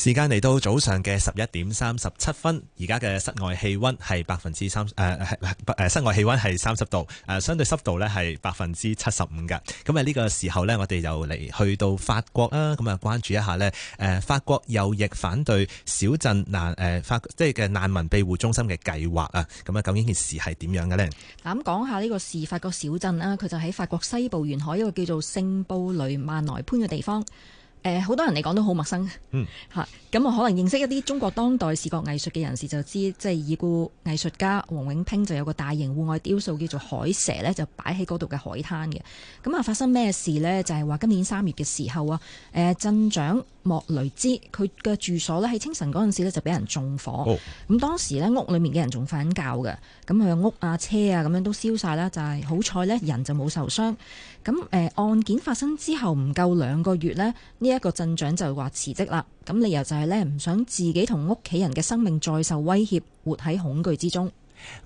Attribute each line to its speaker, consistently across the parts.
Speaker 1: 時間嚟到早上嘅十一點三十七分，而家嘅室外氣溫係百分之三誒誒室外氣溫係三十度，誒相對濕度咧，係百分之七十五嘅。咁啊呢個時候呢，我哋又嚟去到法國啦，咁啊關注一下呢誒法國右翼反對小鎮難誒、呃、法國即係嘅難民庇護中心嘅計劃啊。咁啊究竟件事係點樣嘅呢？
Speaker 2: 咁講下呢個事法國小鎮啦，佢就喺法國西部沿海一個叫做聖布呂曼萊潘嘅地方。好、呃、多人嚟講都好陌生，嚇、嗯、咁、啊、我可能認識一啲中國當代視覺藝術嘅人士就知，即係已故藝術家黃永拼就有個大型戶外雕塑叫做海蛇咧，就擺喺嗰度嘅海灘嘅。咁啊發生咩事呢？就係、是、話今年三月嘅時候啊，誒、呃、鎮長莫雷茲佢嘅住所咧喺清晨嗰陣時咧就俾人縱火，咁、哦、當時呢，屋裏面嘅人仲瞓緊覺嘅，咁佢屋啊車啊咁樣都燒晒啦，就係、是、好彩呢，人就冇受傷。咁、呃、案件發生之後唔夠兩個月呢。呢、這、一個鎮長就話辭職啦，咁理由就係咧唔想自己同屋企人嘅生命再受威脅，活喺恐懼之中。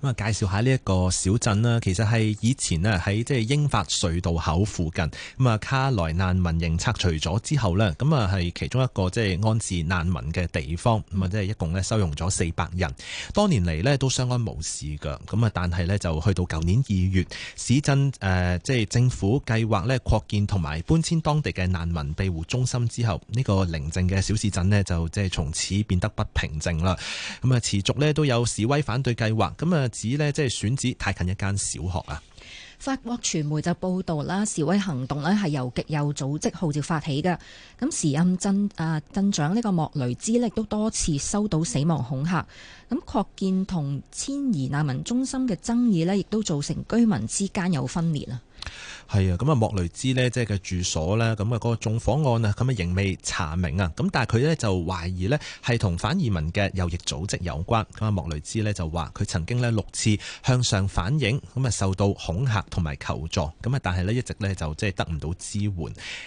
Speaker 1: 咁啊，介紹下呢一個小鎮啦。其實係以前咧喺即係英法隧道口附近，咁啊卡萊難民營拆除咗之後呢，咁啊係其中一個即係安置難民嘅地方。咁啊，即係一共呢收容咗四百人。多年嚟呢都相安無事㗎。咁啊，但係呢，就去到舊年二月，市鎮誒即係政府計劃呢擴建同埋搬遷當地嘅難民庇護中心之後，呢、這個寧靜嘅小市鎮呢，就即係從此變得不平靜啦。咁啊，持續呢都有示威反對計劃。咁啊指呢，即係選址太近一間小學啊。
Speaker 2: 法國傳媒就報道啦，示威行動咧係由極右組織號召發起嘅。咁時任鎮啊鎮長呢個莫雷茲力都多次收到死亡恐嚇。咁擴建同遷移難民中心嘅爭議咧，亦都造成居民之間有分裂啊。
Speaker 1: 係啊，咁啊莫雷茲呢，即係嘅住所咧，咁啊嗰個縱火案啊，咁啊仍未查明啊，咁但係佢呢就懷疑呢係同反移民嘅右翼組織有關。咁啊莫雷茲呢就話佢曾經呢六次向上反映，咁啊受到恐嚇同埋求助，咁啊但係呢，一直呢就即係得唔到支援，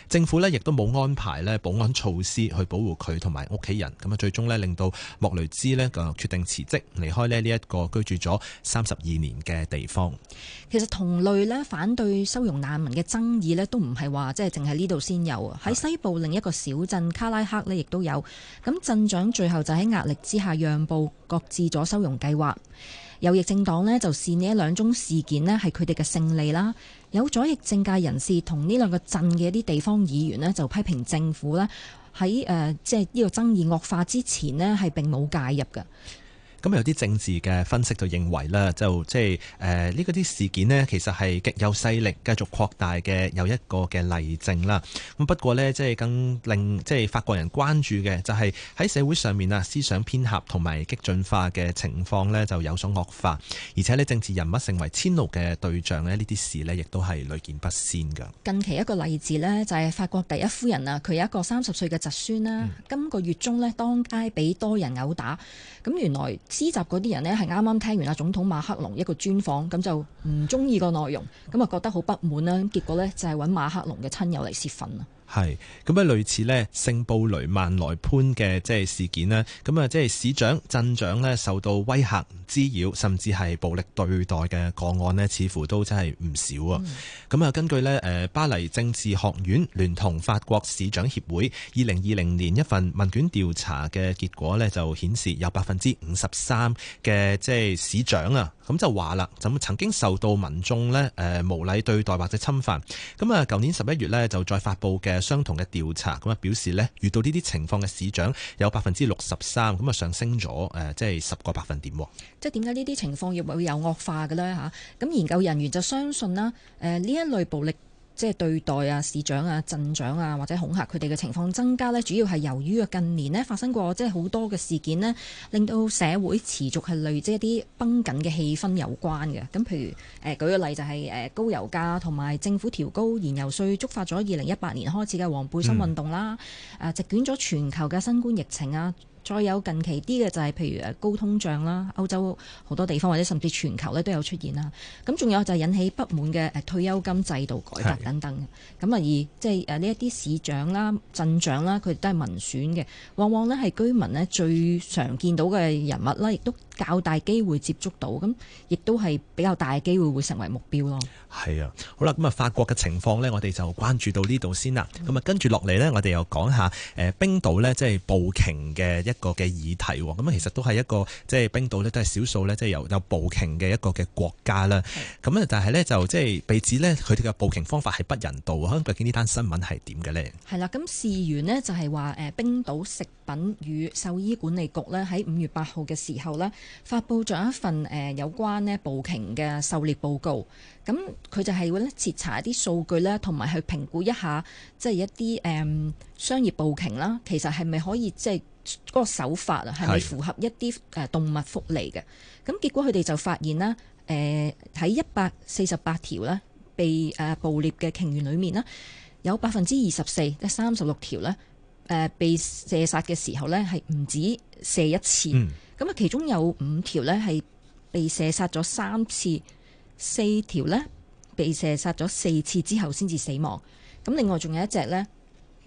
Speaker 1: 政府呢亦都冇安排呢保安措施去保護佢同埋屋企人，咁啊最終呢，令到莫雷茲呢就決定辭職離開咧呢一個居住咗三十二年嘅地方。
Speaker 2: 其實同類呢，反對收容。難民嘅爭議咧，都唔係話即係淨係呢度先有，喺西部另一個小鎮卡拉克咧，亦都有，咁鎮長最後就喺壓力之下讓步，擱置咗收容計劃。右翼政黨呢就視呢一兩宗事件咧係佢哋嘅勝利啦。有左翼政界人士同呢兩個鎮嘅一啲地方議員呢，就批評政府咧喺誒，即係呢個爭議惡化之前呢，係並冇介入㗎。
Speaker 1: 咁有啲政治嘅分析就認為咧，就即係誒呢嗰啲事件咧，其實係極有勢力繼續擴大嘅，有一個嘅例證啦。咁不過呢，即係更令即係法國人關注嘅，就係喺社會上面啊，思想偏狹同埋激進化嘅情況呢就有所惡化，而且呢，政治人物成為遷怒嘅對象這些呢，呢啲事呢亦都係屢見不鮮㗎。
Speaker 2: 近期一個例子呢，就係法國第一夫人啊，佢有一個三十歲嘅侄孫啦、嗯，今個月中呢當街俾多人毆打，咁原來。施襲嗰啲人呢，係啱啱聽完阿總統馬克龍一個專訪，咁就唔中意個內容，咁啊覺得好不滿啦。結果呢，就係、是、揾馬克龍嘅親友嚟泄憤。
Speaker 1: 係咁啊！類似呢聖布雷曼來潘嘅即係事件咧，咁啊即係市長、鎮長呢受到威嚇滋擾，甚至係暴力對待嘅個案呢似乎都真係唔少啊！咁、嗯、啊，根據呢誒巴黎政治學院聯同法國市長協會二零二零年一份問卷調查嘅結果呢就顯示有百分之五十三嘅即係市長啊。咁就話啦，咁曾經受到民眾呢誒無禮對待或者侵犯，咁啊，舊年十一月呢就再發布嘅相同嘅調查，咁啊表示呢遇到呢啲情況嘅市長有百分之六十三，咁啊上升咗誒，即係十個百分點。即
Speaker 2: 係點解呢啲情況又會有惡化嘅呢？嚇？咁研究人員就相信啦，誒呢一類暴力，即、就、係、是、對待啊，市長啊、鎮長啊，或者恐嚇佢哋嘅情況增加咧，主要係由於近年咧發生過即係好多嘅事件咧，令到社會持續係累積一啲繃緊嘅氣氛有關嘅。咁譬如誒、呃，舉個例就係、是、誒、呃、高油價同埋政府調高燃油稅，觸發咗二零一八年開始嘅黃背心運動啦。誒、嗯啊，席捲咗全球嘅新冠疫情啊！再有近期啲嘅就係譬如高通脹啦，歐洲好多地方或者甚至全球咧都有出現啦。咁仲有就係引起不滿嘅退休金制度改革等等。咁啊而即係呢一啲市長啦、鎮長啦，佢都係民選嘅，往往咧係居民咧最常見到嘅人物啦，亦都，較大機會接觸到，咁亦都係比較大嘅機會會成為目標咯。
Speaker 1: 係啊，好啦，咁啊法國嘅情況呢，我哋就關注到呢度先啦。咁、嗯、啊跟住落嚟呢，我哋又講下誒冰島呢，即係捕鯨嘅一個嘅議題喎。咁啊，其實都係一個即係冰島呢，都係少數呢，即係有有捕鯨嘅一個嘅國家啦。咁咧，但係呢，就即係被指呢，佢哋嘅捕鯨方法係不人道這啊。咁究竟呢單新聞係點嘅呢？
Speaker 2: 係啦，咁事源呢，就係話誒冰島食品與獸醫管理局呢，喺五月八號嘅時候呢。發布咗一份誒有關咧捕鯨嘅狩獵報告，咁佢就係會咧徹查一啲數據咧，同埋去評估一下，即係一啲誒商業捕鯨啦，其實係咪可以即係嗰個手法啊，係咪符合一啲誒動物福利嘅？咁結果佢哋就發現啦，誒喺一百四十八條咧被誒捕獵嘅鯨魚裡面呢，有百分之二十四，即三十六條咧。誒、呃，被射殺嘅時候呢，係唔止射一次，咁、嗯、啊，其中有五條呢，係被射殺咗三次，四條呢，被射殺咗四次之後先至死亡。咁另外仲有一隻呢，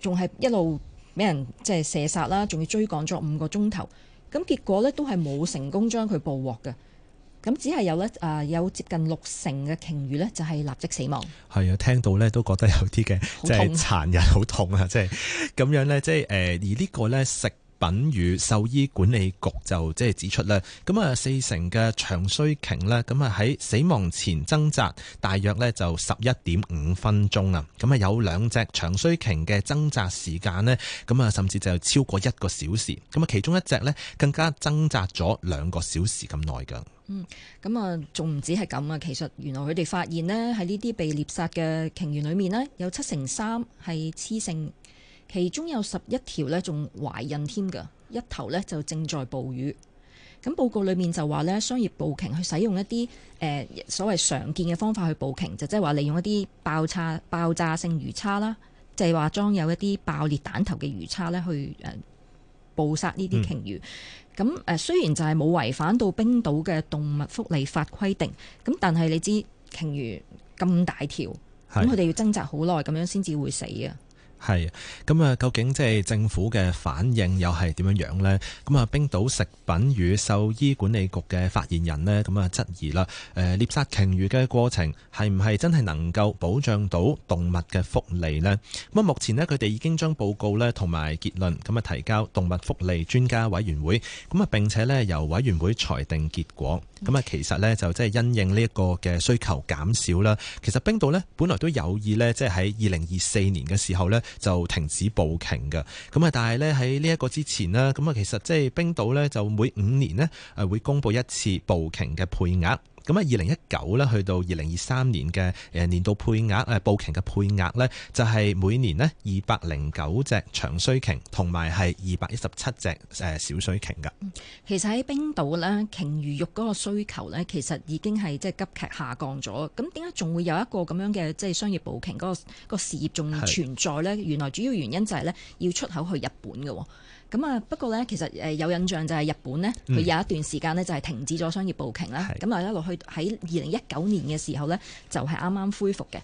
Speaker 2: 仲係一路俾人即係射殺啦，仲要追趕咗五個鐘頭，咁結果呢，都係冇成功將佢捕獲嘅。咁只係有咧、呃，有接近六成嘅鯨魚咧，就係立即死亡。
Speaker 1: 係啊，聽到咧都覺得有啲嘅，即係、啊、殘忍，好痛啊！即係咁樣咧，即係誒，而呢個咧食品與獸醫管理局就即係指出呢，咁啊四成嘅長須鯨呢，咁啊喺死亡前掙扎，大約呢就十一點五分鐘啊。咁啊有兩隻長須鯨嘅掙扎時間呢，咁啊甚至就超過一個小時。咁啊其中一隻呢，更加掙扎咗兩個小時咁耐㗎。嗯，
Speaker 2: 咁啊仲唔止係咁啊？其實原來佢哋發現呢，喺呢啲被獵殺嘅鯨魚裡面呢，有七成三係雌性。其中有十一條咧仲懷孕添㗎，一頭咧就正在捕魚。咁報告裏面就話咧，商業捕鯨去使用一啲誒所謂常見嘅方法去捕鯨，就即係話利用一啲爆炸、爆炸性魚叉啦，就係、是、話裝有一啲爆裂彈頭嘅魚叉咧去誒捕殺呢啲鯨魚。咁、嗯、誒雖然就係冇違反到冰島嘅動物福利法規定，咁但係你知鯨魚咁大條，咁佢哋要掙扎好耐，咁樣先至會死啊。
Speaker 1: 係咁啊，究竟即係政府嘅反應又係點樣樣咧？咁啊，冰島食品與獸醫管理局嘅發言人呢，咁啊質疑啦，誒獵殺鯨魚嘅過程係唔係真係能夠保障到動物嘅福利呢？咁啊，目前呢，佢哋已經將報告咧同埋結論咁啊提交動物福利專家委員會，咁啊並且咧由委員會裁定結果。咁啊，其實呢，就即係因應呢一個嘅需求減少啦。其實冰島呢，本來都有意呢，即係喺二零二四年嘅時候呢，就停止捕鯨嘅，咁啊，但係咧喺呢一個之前呢咁啊，其實即係冰島咧就每五年咧誒會公佈一次捕鯨嘅配額。咁啊，二零一九咧，去到二零二三年嘅誒年度配額，誒捕鯨嘅配額咧，就係每年呢二百零九隻長須鯨，同埋係二百一十七隻誒小鬚鯨噶。
Speaker 2: 其實喺冰島咧，鯨魚肉嗰個需求咧，其實已經係即係急劇下降咗。咁點解仲會有一個咁樣嘅即係商業捕鯨嗰個事業仲存在咧？原來主要原因就係咧要出口去日本嘅。咁啊，不過咧，其實誒、呃、有印象就係日本呢，佢有一段時間呢，就係、是、停止咗商業捕鯨啦。咁、嗯、啊，一路去喺二零一九年嘅時候呢，就係啱啱恢復嘅。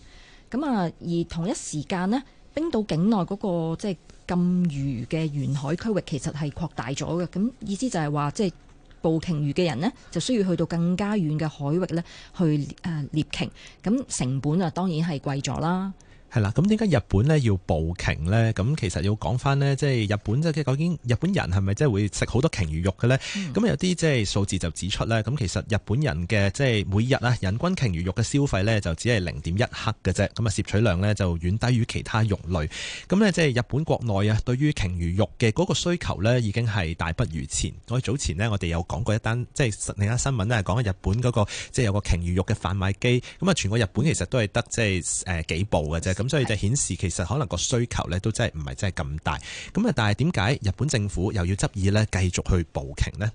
Speaker 2: 咁啊，而同一時間呢，冰島境內嗰、那個即係禁漁嘅沿海區域其實係擴大咗嘅。咁意思就係話，即係捕鯨魚嘅人呢，就需要去到更加遠嘅海域呢，去誒獵鯨，咁、呃、成本啊當然係貴咗啦。
Speaker 1: 係啦，咁點解日本呢要捕鯨呢？咁其實要講返呢，即係日本即係究竟日本人係咪即係會食好多鯨魚肉嘅呢？咁、嗯、有啲即係數字就指出呢，咁其實日本人嘅即係每日啊，人均鯨魚肉嘅消費呢，就只係零點一克嘅啫，咁啊攝取量呢，就遠低於其他肉類。咁呢，即係日本國內啊，對於鯨魚肉嘅嗰個需求呢，已經係大不如前。我早前呢，我哋有講過一單，即係另一新聞呢，係講日本嗰個即係有個鯨魚肉嘅販賣機，咁啊全個日本其實都係得即係誒幾部嘅啫。咁所以就顯示其實可能個需求咧都真係唔係真係咁大，咁啊，但係點解日本政府又要執意咧繼續去捕鯨呢？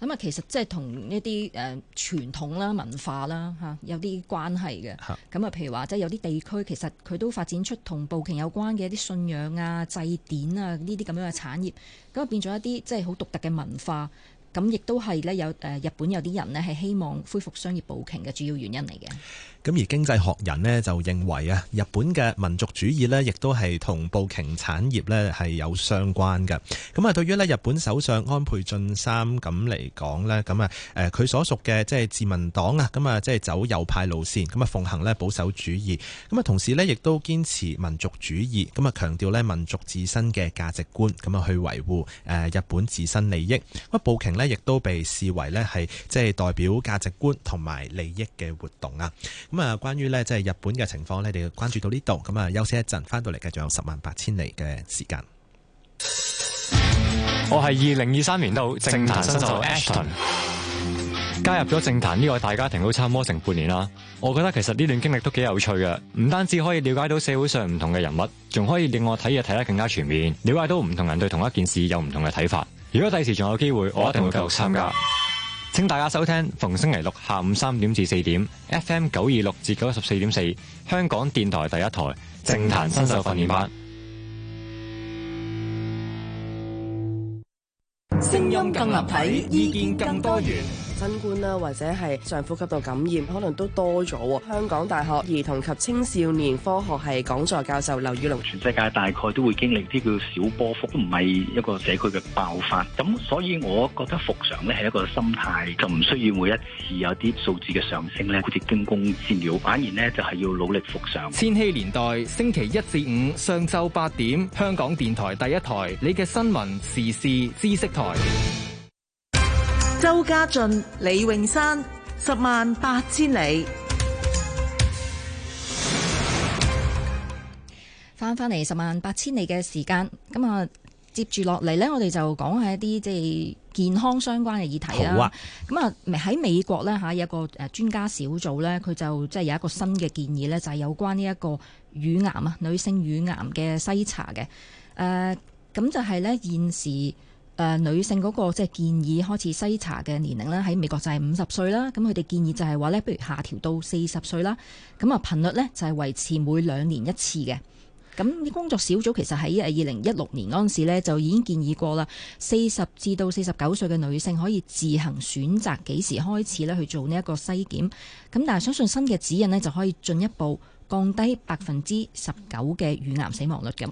Speaker 2: 咁啊，其實即係同一啲誒傳統啦、文化啦嚇，有啲關係嘅。咁啊，譬如話即係有啲地區其實佢都發展出同捕鯨有關嘅一啲信仰啊、祭典啊呢啲咁樣嘅產業，咁啊變咗一啲即係好獨特嘅文化。咁亦都係咧有誒日本有啲人係希望恢復商業捕鯨嘅主要原因嚟嘅。
Speaker 1: 咁而經濟學人呢，就認為啊，日本嘅民族主義呢，亦都係同捕鯨產業呢係有相關嘅。咁啊，對於呢日本首相安倍晉三咁嚟講呢，咁啊誒佢所屬嘅即係自民黨啊，咁啊即係走右派路線，咁啊奉行呢保守主義，咁啊同時呢，亦都堅持民族主義，咁啊強調呢民族自身嘅價值觀，咁啊去維護誒日本自身利益。咁啊捕鯨。亦都被視為咧係即係代表價值觀同埋利益嘅活動啊！咁啊，關於咧即係日本嘅情況咧，你要關注到呢度。咁啊，休息一陣，翻到嚟繼續有十萬八千里嘅時間。我係二零二三年度政壇新手 Ashton，加入咗政壇呢個大家庭都差唔多成半年啦。我覺得其實呢段經歷都幾有趣嘅，唔單止可以了解到社會上唔同嘅人物，仲可以令我睇嘢睇得更加全面，了解到唔同人對同一件事有唔同嘅睇法。如果第時仲有機會，我一定會繼續參加。請大家收聽逢星期六下午三點至四點，FM 九二六至九十四點四，香港電台第一台政壇新秀訓練班。
Speaker 2: 聲音更立體，意見更多元。新冠啦，或者係上呼吸道感染，可能都多咗。香港大學兒童及青少年科學系講座教授劉宇龍，全
Speaker 1: 世界大概都會經歷啲叫小波幅，都唔係一個社區嘅爆發，咁所以，我覺得復常咧係一個心態，就唔需要每一次有啲數字嘅上升咧，好似驚弓之鳥，反而咧就係要努力復常。千禧年代星期一至五上晝八點，香港電台第一台，你嘅新聞時事知識台。周家俊、李泳珊，十萬
Speaker 2: 八千里翻翻嚟，回十萬八千里嘅時間咁啊，接住落嚟呢我哋就講下一啲即係健康相關嘅議題啊。咁啊，喺美國呢，吓，有一個誒專家小組呢佢就即係有一個新嘅建議呢就係、是、有關呢一個乳癌啊，女性乳癌嘅篩查嘅。誒、呃，咁就係呢現時。呃、女性嗰個即係建議開始篩查嘅年齡啦，喺美國就係五十歲啦。咁佢哋建議就係話呢不如下調到四十歲啦。咁啊頻率呢，就係、是、維持每兩年一次嘅。咁工作小組其實喺誒二零一六年嗰陣時呢，就已經建議過啦，四十至到四十九歲嘅女性可以自行選擇幾時開始呢去做呢一個篩檢。咁但係相信新嘅指引呢，就可以進一步降低百分之十九嘅乳癌死亡率嘅。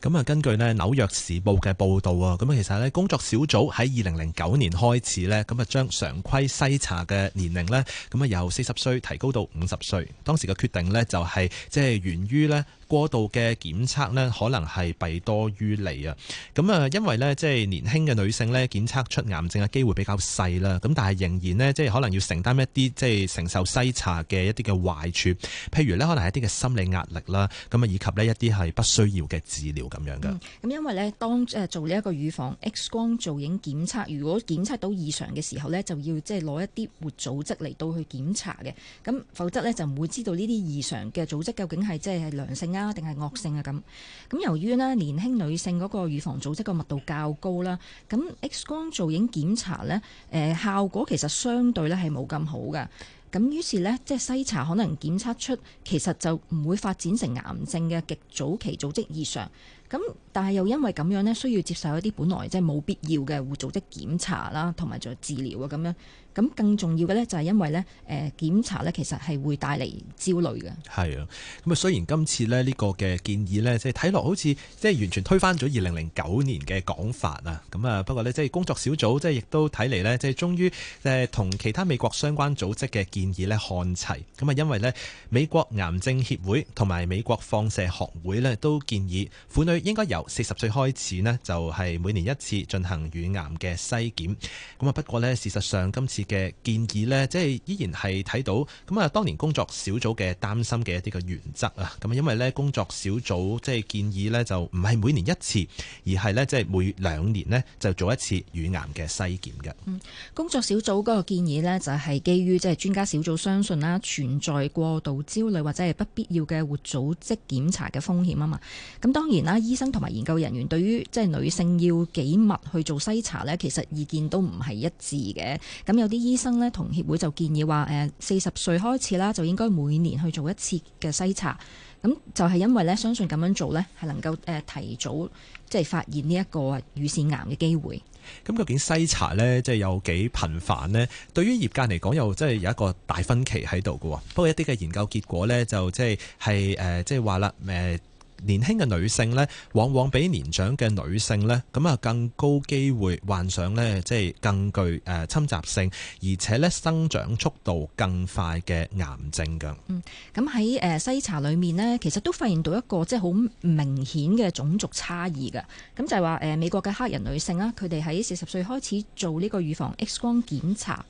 Speaker 1: 咁啊，根據呢《紐約時報》嘅報道啊，咁其實呢工作小組喺二零零九年開始呢咁啊，將常規篩查嘅年齡呢咁啊，由四十歲提高到五十歲。當時嘅決定呢就係即係源於呢過度嘅檢測咧，可能係弊多於利啊！咁啊，因為呢，即係年輕嘅女性呢，檢測出癌症嘅機會比較細啦。咁但係仍然呢，即係可能要承擔一啲即係承受篩查嘅一啲嘅壞處，譬如呢，可能係一啲嘅心理壓力啦，咁啊，以及呢，一啲係不需要嘅治療咁樣嘅。嗯，
Speaker 2: 咁因為呢，當做呢一個乳房 X 光造影檢測，如果檢測到異常嘅時候呢，就要即係攞一啲活組織嚟到去檢查嘅，咁否則呢，就唔會知道呢啲異常嘅組織究竟係即係良性，定係惡性啊，咁。咁由於咧，年輕女性嗰個乳房組織個密度較高啦，咁 X 光造影檢查呢，誒效果其實相對咧，係冇咁好嘅。咁於是呢，即係篩查可能檢測出其實就唔會發展成癌症嘅極早期組織異常。咁但係又因為咁樣咧，需要接受一啲本來即係冇必要嘅活組織檢查啦，同埋做治療啊咁樣，咁更重要嘅咧，就係因為咧，誒檢查咧，其實係會帶嚟焦慮嘅。
Speaker 1: 係啊，咁啊，雖然今次咧呢個嘅建議咧，即係睇落好似即係完全推翻咗二零零九年嘅講法啊。咁啊，不過咧，即係工作小組即係亦都睇嚟咧，即係終於誒同其他美國相關組織嘅建議咧看齊，咁啊，因為咧美國癌症協會同埋美國放射學會咧都建議婦女。應該由四十歲開始呢就係每年一次進行乳癌嘅篩檢。咁啊，不過呢，事實上今次嘅建議呢，即係依然係睇到咁啊，當年工作小組嘅擔心嘅一啲嘅原則啊。咁因為呢，工作小組即係建議呢，就唔係每年一次，而係呢，即係每兩年呢，就做一次乳癌嘅篩檢嘅。嗯，
Speaker 2: 工作小組嗰個建議呢，就係基於即係專家小組相信啦，存在過度焦慮或者係不必要嘅活組織檢查嘅風險啊嘛。咁當然啦。醫生同埋研究人員對於即係女性要幾密去做篩查呢，其實意見都唔係一致嘅。咁有啲醫生呢，同協會就建議話誒，四十歲開始啦，就應該每年去做一次嘅篩查。咁就係因為呢，相信咁樣做呢，係能夠誒提早即係發現呢一個乳腺癌嘅機會。
Speaker 1: 咁究竟篩查呢，即係有幾頻繁呢？對於業界嚟講，又真係有一個大分歧喺度㗎喎。不過一啲嘅研究結果呢，就是呃，就即係係即係話啦誒。呃年輕嘅女性呢，往往比年長嘅女性呢，咁啊更高機會患上呢，即係更具誒侵襲性，而且呢，生長速度更快嘅癌症㗎。嗯，
Speaker 2: 咁喺誒篩查裏面呢，其實都發現到一個即係好明顯嘅種族差異嘅。咁就係話誒美國嘅黑人女性啦，佢哋喺四十歲開始做呢個預防 X 光檢查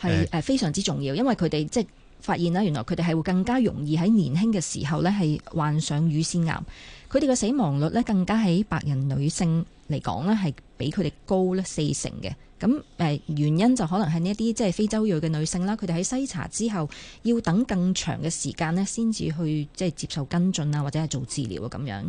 Speaker 2: 係誒非常之重要，欸、因為佢哋即發現啦，原來佢哋係會更加容易喺年輕嘅時候咧，係患上乳腺癌。佢哋嘅死亡率咧，更加喺白人女性嚟講咧，係比佢哋高咧四成嘅。咁誒原因就可能係呢一啲即係非洲裔嘅女性啦，佢哋喺篩查之後要等更長嘅時間咧，先至去即係接受跟進啊，或者係做治療啊咁樣。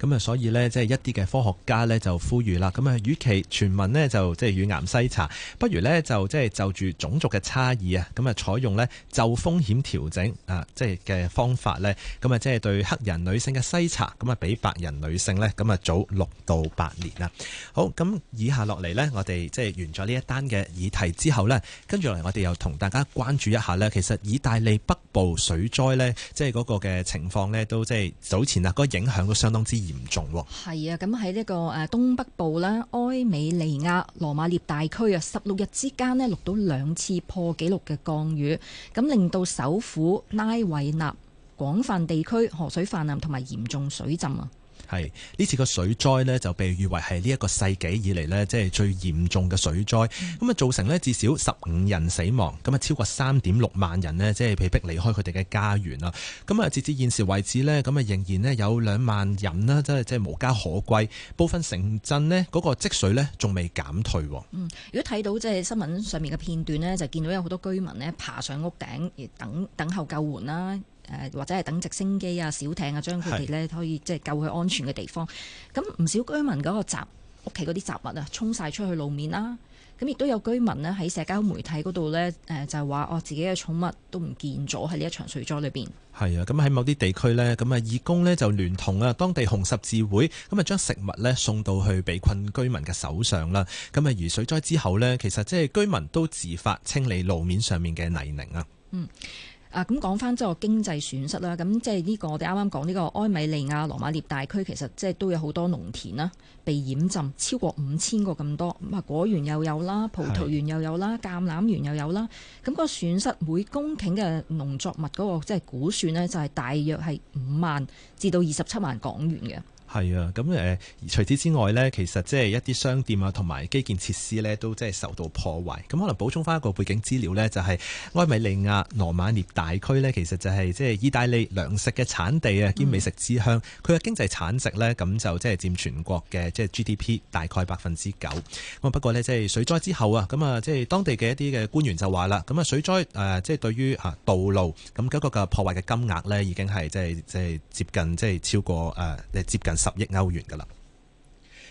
Speaker 1: 咁啊，所以呢，即係一啲嘅科學家呢，就呼籲啦，咁啊，與其全民呢，就即係乳癌篩查，不如呢，就即係就住種族嘅差異啊，咁啊採用呢，就風險調整啊即係嘅方法呢。咁啊即係對黑人女性嘅篩查，咁啊比白人女性呢。咁啊早六到八年啦。好，咁以下落嚟呢，我哋即係完咗呢一單嘅議題之後呢，跟住嚟我哋又同大家關注一下呢。其實意大利北部水災呢，即係嗰個嘅情況呢，都即係早前啊，嗰個影響都相當之嚴重。
Speaker 2: 係啊，咁喺呢個誒東北部啦，埃米利亞羅馬涅大區啊，十六日之間呢，錄到兩次破紀錄嘅降雨，咁令到首府拉韋納廣泛地區河水泛濫同埋嚴重水浸啊。
Speaker 1: 係呢次個水災咧就被譽為係呢一個世紀以嚟呢，即係最嚴重嘅水災，咁啊造成咧至少十五人死亡，咁啊超過三點六萬人呢，即係被迫離開佢哋嘅家園啦。咁啊截至現時為止呢，咁啊仍然呢有兩萬人啦，即係即係無家可歸，部分城鎮呢，嗰個積水呢仲未減退。嗯，
Speaker 2: 如果睇到即係新聞上面嘅片段呢，就見到有好多居民呢爬上屋頂等等候救援啦。誒，或者係等直升機啊、小艇啊，將佢哋呢可以即係救去安全嘅地方。咁唔少居民嗰個雜屋企嗰啲雜物啊，沖晒出去路面啦。咁亦都有居民呢喺社交媒體嗰度呢，誒就係話，哦自己嘅寵物都唔見咗喺呢一場水災裏邊。
Speaker 1: 係啊，咁喺某啲地區呢，咁啊義工呢就聯同啊當地紅十字會，咁啊將食物呢送到去被困居民嘅手上啦。咁啊如水災之後呢，其實即係居民都自發清理路面上面嘅泥濘啊。嗯。
Speaker 2: 啊，咁講翻即個經濟損失啦。咁即係呢個我哋啱啱講呢個埃米利亞羅馬涅大區，其實即係都有好多農田啦，被淹浸超過五千個咁多。咁啊，果園又有啦，葡萄園又有啦，橄欖園又有啦。咁、那個損失每公頃嘅農作物嗰、那個即係、就是、估算呢，就係大約係五萬至到二十七萬港元嘅。
Speaker 1: 係啊，咁誒，除此之外呢，其實即係一啲商店啊，同埋基建設施呢都即係受到破壞。咁可能補充翻一個背景資料呢，就係、是、埃米利亞羅馬涅大區呢，其實就係即係意大利糧食嘅產地啊，兼美食之鄉。佢、嗯、嘅經濟產值呢，咁就即係佔全國嘅即係 GDP 大概百分之九。咁不過呢，即係水災之後啊，咁啊，即係當地嘅一啲嘅官員就話啦，咁啊，水災誒，即係對於道路咁嗰個嘅破壞嘅金額呢，已經係即係即係接近即係超過誒，接近。十億歐元噶啦，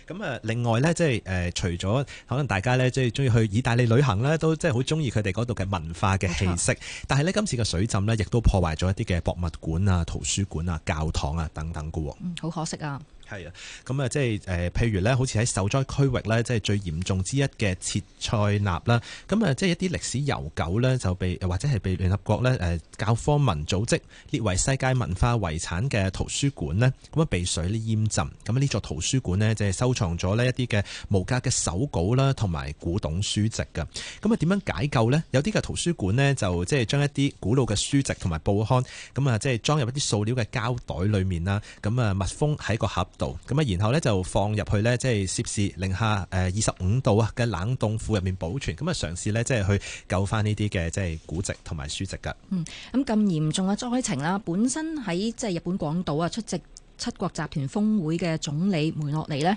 Speaker 1: 咁啊，另外咧，即係誒，除咗可能大家咧，即係中意去意大利旅行咧，都即係好中意佢哋嗰度嘅文化嘅氣息，但係咧今次嘅水浸咧，亦都破壞咗一啲嘅博物館啊、圖書館啊、教堂啊等等噶，
Speaker 2: 嗯，好可惜啊。
Speaker 1: 係啊，咁啊，即係誒，譬如咧，好似喺受災區域咧，即係最嚴重之一嘅切塞納啦，咁啊，即係一啲歷史悠久咧，就被或者係被聯合國咧誒教科文組織列為世界文化遺產嘅圖書館呢。咁啊，被水淹浸，咁啊，呢座圖書館呢，即係收藏咗呢一啲嘅無價嘅手稿啦，同埋古董書籍嘅，咁啊，點樣解救呢？有啲嘅圖書館呢，就即係將一啲古老嘅書籍同埋報刊，咁啊，即係裝入一啲塑料嘅膠袋裏面啦，咁啊，密封喺個盒。咁啊，然後咧就放入去呢，即係攝氏零下誒二十五度啊嘅冷凍庫入面保存，咁啊嘗試呢，即係去救翻呢啲嘅即係古籍同埋書籍噶。
Speaker 2: 嗯，咁咁嚴重嘅災情啦，本身喺即係日本廣島啊出席七國集團峰會嘅總理梅洛尼呢，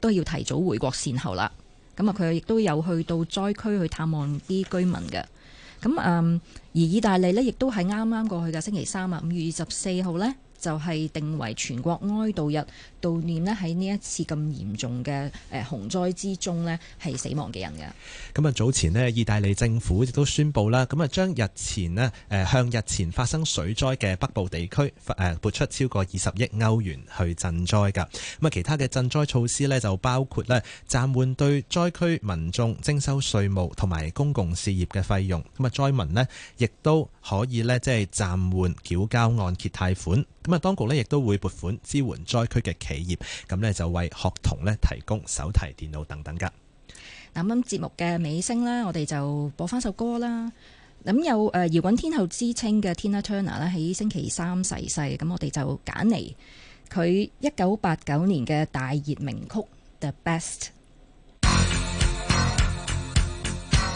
Speaker 2: 都要提早回國善後啦。咁啊，佢亦都有去到災區去探望啲居民嘅。咁啊，而意大利呢，亦都係啱啱過去嘅星期三啊，五月二十四號呢。就係、是、定為全國哀悼日，悼念咧喺呢一次咁嚴重嘅誒洪災之中咧係死亡嘅人嘅。
Speaker 1: 咁啊，早前呢，意大利政府亦都宣布啦，咁啊，將日前呢，誒向日前發生水災嘅北部地區誒撥出超過二十億歐元去賑災㗎。咁啊，其他嘅賑災措施呢，就包括呢，暫緩對災區民眾徵收稅務同埋公共事業嘅費用。咁啊，災民呢，亦都可以呢，即係暫緩繳交按揭貸款。咁啊，當局咧亦都會撥款支援災區嘅企業，咁咧就為學童咧提供手提電腦等等噶。
Speaker 2: 嗱，咁節目嘅尾聲咧，我哋就播翻首歌啦。咁有誒搖滾天后之稱嘅 Tina Turner 咧，喺星期三逝世，咁我哋就揀嚟佢一九八九年嘅大熱名曲《The Best》。